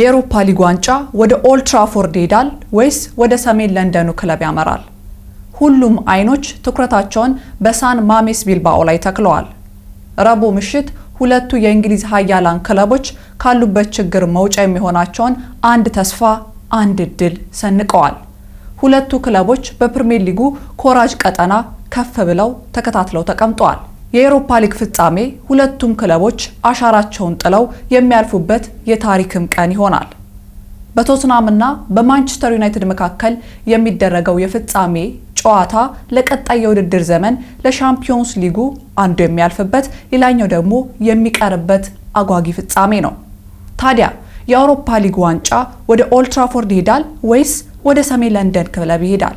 የአውሮፓ ሊግ ዋንጫ ወደ ኦልትራፎርድ ትራፎርድ ይሄዳል ወይስ ወደ ሰሜን ለንደኑ ክለብ ያመራል? ሁሉም አይኖች ትኩረታቸውን በሳን ማሜስ ቢልባኦ ላይ ተክለዋል። ረቡዕ ምሽት ሁለቱ የእንግሊዝ ሀያላን ክለቦች ካሉበት ችግር መውጫ የሚሆናቸውን አንድ ተስፋ፣ አንድ እድል ሰንቀዋል። ሁለቱ ክለቦች በፕሪሚየር ሊጉ ኮራጅ ቀጠና ከፍ ብለው ተከታትለው ተቀምጠዋል። የኤሮፓ ሊግ ፍጻሜ ሁለቱም ክለቦች አሻራቸውን ጥለው የሚያልፉበት የታሪክም ቀን ይሆናል። በቶትናምና በማንቸስተር ዩናይትድ መካከል የሚደረገው የፍጻሜ ጨዋታ ለቀጣይ የውድድር ዘመን ለሻምፒዮንስ ሊጉ አንዱ የሚያልፍበት ሌላኛው ደግሞ የሚቀርበት አጓጊ ፍጻሜ ነው። ታዲያ የአውሮፓ ሊግ ዋንጫ ወደ ኦልትራፎርድ ይሄዳል ወይስ ወደ ሰሜን ለንደን ክለብ ይሄዳል?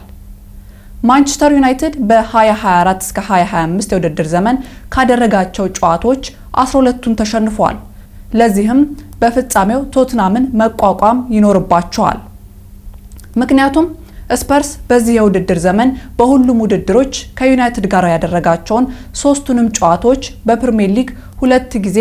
ማንቸስተር ዩናይትድ በ2024 እስከ 2025 የውድድር ዘመን ካደረጋቸው ጨዋታዎች 12ቱን ተሸንፏል። ለዚህም በፍጻሜው ቶትናምን መቋቋም ይኖርባቸዋል። ምክንያቱም ስፐርስ በዚህ የውድድር ዘመን በሁሉም ውድድሮች ከዩናይትድ ጋር ያደረጋቸውን ሶስቱንም ጨዋታዎች በፕሪሚየር ሊግ ሁለት ጊዜ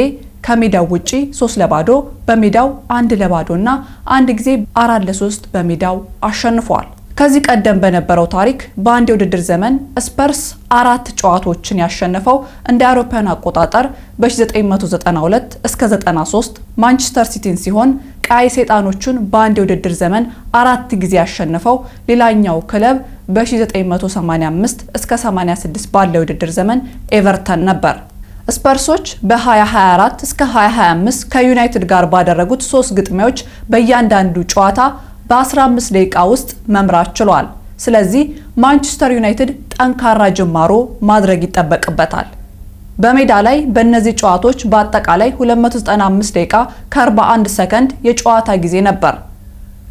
ከሜዳው ውጪ ሶስት ለባዶ በሜዳው አንድ ለባዶ እና አንድ ጊዜ አራት ለሶስት በሜዳው አሸንፏል። ከዚህ ቀደም በነበረው ታሪክ በአንድ የውድድር ዘመን ስፐርስ አራት ጨዋታዎችን ያሸነፈው እንደ አውሮፓውያን አቆጣጠር በ1992 እስከ 93 ማንቸስተር ሲቲን ሲሆን ቀይ ሰይጣኖቹን በአንድ የውድድር ዘመን አራት ጊዜ ያሸነፈው ሌላኛው ክለብ በ1985 እስከ 86 ባለ የውድድር ዘመን ኤቨርተን ነበር። ስፐርሶች በ2024 እስከ 2025 ከዩናይትድ ጋር ባደረጉት ሶስት ግጥሚያዎች በእያንዳንዱ ጨዋታ በ15 ደቂቃ ውስጥ መምራት ችሏል። ስለዚህ ማንቸስተር ዩናይትድ ጠንካራ ጅማሮ ማድረግ ይጠበቅበታል። በሜዳ ላይ በእነዚህ ጨዋታዎች በአጠቃላይ 295 ደቂቃ ከ41 ሰከንድ የጨዋታ ጊዜ ነበር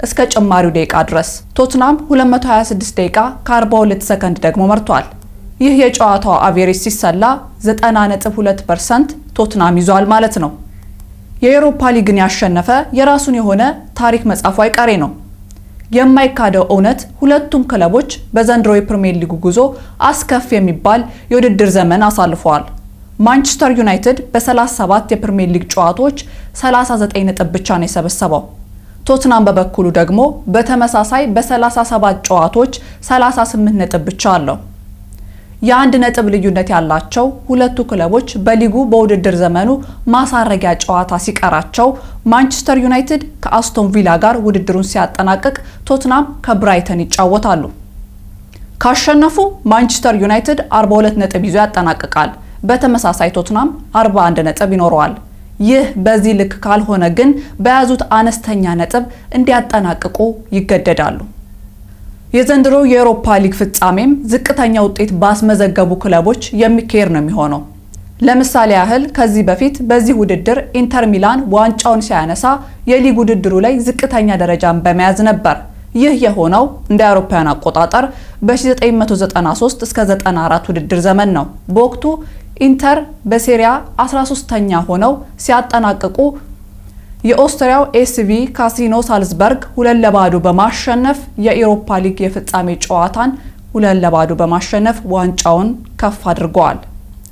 እስከ ጭማሪው ደቂቃ ድረስ። ቶትናም 226 ደቂቃ ከ42 ሰከንድ ደግሞ መርቷል። ይህ የጨዋታው አቬሬጅ ሲሰላ 90.2% ቶትናም ይዟል ማለት ነው። የኤሮፓ ሊግን ያሸነፈ የራሱን የሆነ ታሪክ መጻፉ አይቀሬ ነው። የማይካደው እውነት ሁለቱም ክለቦች በዘንድሮ ፕሪሚየር ሊጉ ጉዞ አስከፊ የሚባል የውድድር ዘመን አሳልፈዋል። ማንቸስተር ዩናይትድ በ37 የፕሪሚየር ሊግ ጨዋታዎች 39 ነጥብ ብቻ ነው የሰበሰበው። ቶትናም በበኩሉ ደግሞ በተመሳሳይ በ37 ጨዋታዎች 38 ነጥብ ብቻ አለው። የአንድ ነጥብ ልዩነት ያላቸው ሁለቱ ክለቦች በሊጉ በውድድር ዘመኑ ማሳረጊያ ጨዋታ ሲቀራቸው ማንቸስተር ዩናይትድ ከአስቶን ቪላ ጋር ውድድሩን ሲያጠናቅቅ ቶትናም ከብራይተን ይጫወታሉ። ካሸነፉ ማንቸስተር ዩናይትድ 42 ነጥብ ይዞ ያጠናቅቃል። በተመሳሳይ ቶትናም 41 ነጥብ ይኖረዋል። ይህ በዚህ ልክ ካልሆነ ግን በያዙት አነስተኛ ነጥብ እንዲያጠናቅቁ ይገደዳሉ። የዘንድሮው የአውሮፓ ሊግ ፍጻሜም ዝቅተኛ ውጤት ባስመዘገቡ ክለቦች የሚካሄድ ነው የሚሆነው። ለምሳሌ ያህል ከዚህ በፊት በዚህ ውድድር ኢንተር ሚላን ዋንጫውን ሲያነሳ የሊግ ውድድሩ ላይ ዝቅተኛ ደረጃን በመያዝ ነበር። ይህ የሆነው እንደ አውሮፓውያን አቆጣጠር በ1993 እስከ 94 ውድድር ዘመን ነው። በወቅቱ ኢንተር በሴሪያ 13ተኛ ሆነው ሲያጠናቅቁ የኦስትሪያው ኤስቪ ካሲኖ ሳልዝበርግ ሁለት ለባዶ በማሸነፍ የኢሮፓ ሊግ የፍጻሜ ጨዋታን ሁለት ለባዶ በማሸነፍ ዋንጫውን ከፍ አድርገዋል።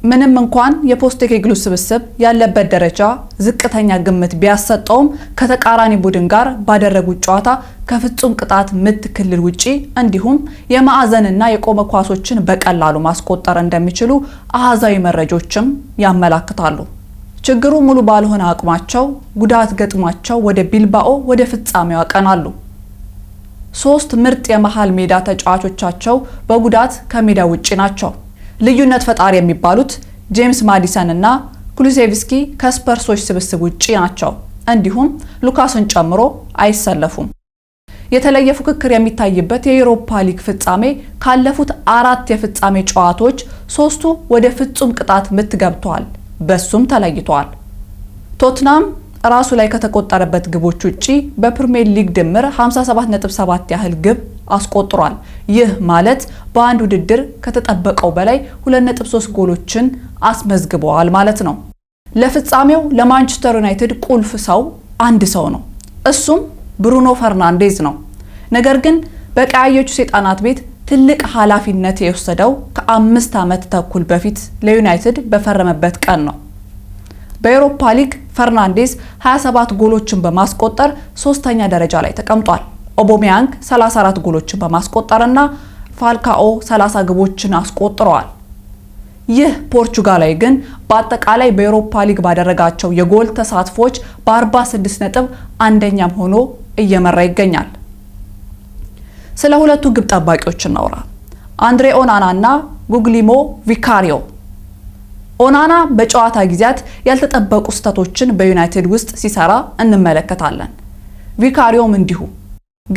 ምንም እንኳን የፖስቴኮግሉ ስብስብ ያለበት ደረጃ ዝቅተኛ ግምት ቢያሰጠውም ከተቃራኒ ቡድን ጋር ባደረጉት ጨዋታ ከፍጹም ቅጣት ምት ክልል ውጪ እንዲሁም የማዕዘንና የቆመ ኳሶችን በቀላሉ ማስቆጠር እንደሚችሉ አሃዛዊ መረጃዎችም ያመላክታሉ። ችግሩ ሙሉ ባልሆነ አቅማቸው ጉዳት ገጥሟቸው ወደ ቢልባኦ ወደ ፍጻሜው ያቀናሉ። ሶስት ምርጥ የመሃል ሜዳ ተጫዋቾቻቸው በጉዳት ከሜዳ ውጪ ናቸው። ልዩነት ፈጣሪ የሚባሉት ጄምስ ማዲሰን እና ኩሉሴቭስኪ ከስፐርሶች ስብስብ ውጪ ናቸው። እንዲሁም ሉካስን ጨምሮ አይሰለፉም። የተለየ ፉክክር የሚታይበት የዩሮፓ ሊግ ፍጻሜ ካለፉት አራት የፍጻሜ ጨዋታዎች ሶስቱ ወደ ፍጹም ቅጣት ምት ገብተዋል። በሱም ተለይቷል። ቶትናም ራሱ ላይ ከተቆጠረበት ግቦች ውጪ በፕሪሚየር ሊግ ድምር 57.7 ያህል ግብ አስቆጥሯል። ይህ ማለት በአንድ ውድድር ከተጠበቀው በላይ 2.3 ጎሎችን አስመዝግበዋል ማለት ነው። ለፍጻሜው ለማንቸስተር ዩናይትድ ቁልፍ ሰው አንድ ሰው ነው። እሱም ብሩኖ ፈርናንዴዝ ነው። ነገር ግን በቀያዮቹ ሰይጣናት ቤት ትልቅ ኃላፊነት የወሰደው ከአምስት ዓመት ተኩል በፊት ለዩናይትድ በፈረመበት ቀን ነው። በአውሮፓ ሊግ ፈርናንዴዝ 27 ጎሎችን በማስቆጠር ሶስተኛ ደረጃ ላይ ተቀምጧል። ኦቦሚያንግ 34 ጎሎችን በማስቆጠርና ፋልካኦ 30 ግቦችን አስቆጥረዋል። ይህ ፖርቹጋላዊ ግን በአጠቃላይ በአውሮፓ ሊግ ባደረጋቸው የጎል ተሳትፎች በ46 ነጥብ አንደኛም ሆኖ እየመራ ይገኛል። ስለ ሁለቱ ግብ ጠባቂዎች እናውራ። አንድሬ ኦናና እና ጉግሊሞ ቪካሪዮ። ኦናና በጨዋታ ጊዜያት ያልተጠበቁ ስህተቶችን በዩናይትድ ውስጥ ሲሰራ እንመለከታለን። ቪካሪዮም እንዲሁ።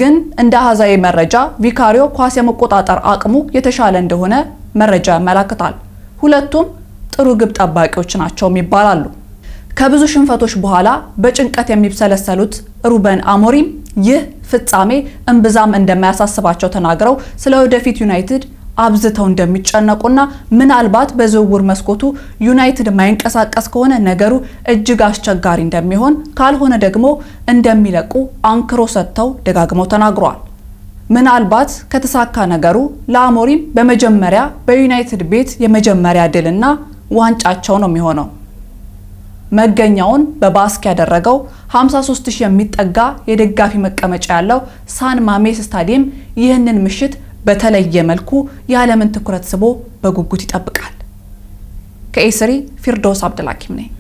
ግን እንደ አሃዛዊ መረጃ ቪካሪዮ ኳስ የመቆጣጠር አቅሙ የተሻለ እንደሆነ መረጃ ያመላክታል። ሁለቱም ጥሩ ግብ ጠባቂዎች ናቸውም ይባላሉ። ከብዙ ሽንፈቶች በኋላ በጭንቀት የሚብሰለሰሉት ሩበን አሞሪም ይህ ፍጻሜ እምብዛም እንደማያሳስባቸው ተናግረው ስለ ወደፊት ዩናይትድ አብዝተው እንደሚጨነቁና ምናልባት በዝውውር መስኮቱ ዩናይትድ የማይንቀሳቀስ ከሆነ ነገሩ እጅግ አስቸጋሪ እንደሚሆን ካልሆነ ደግሞ እንደሚለቁ አንክሮ ሰጥተው ደጋግመው ተናግረዋል። ምናልባት ከተሳካ ነገሩ ለአሞሪም በመጀመሪያ በዩናይትድ ቤት የመጀመሪያ ድልና ዋንጫቸው ነው የሚሆነው። መገኛውን በባስክ ያደረገው 53000 የሚጠጋ የደጋፊ መቀመጫ ያለው ሳን ማሜስ ስታዲየም ይህንን ምሽት በተለየ መልኩ የዓለምን ትኩረት ስቦ በጉጉት ይጠብቃል። ከኤስሪ ፊርዶስ አብደላኪም ነኝ።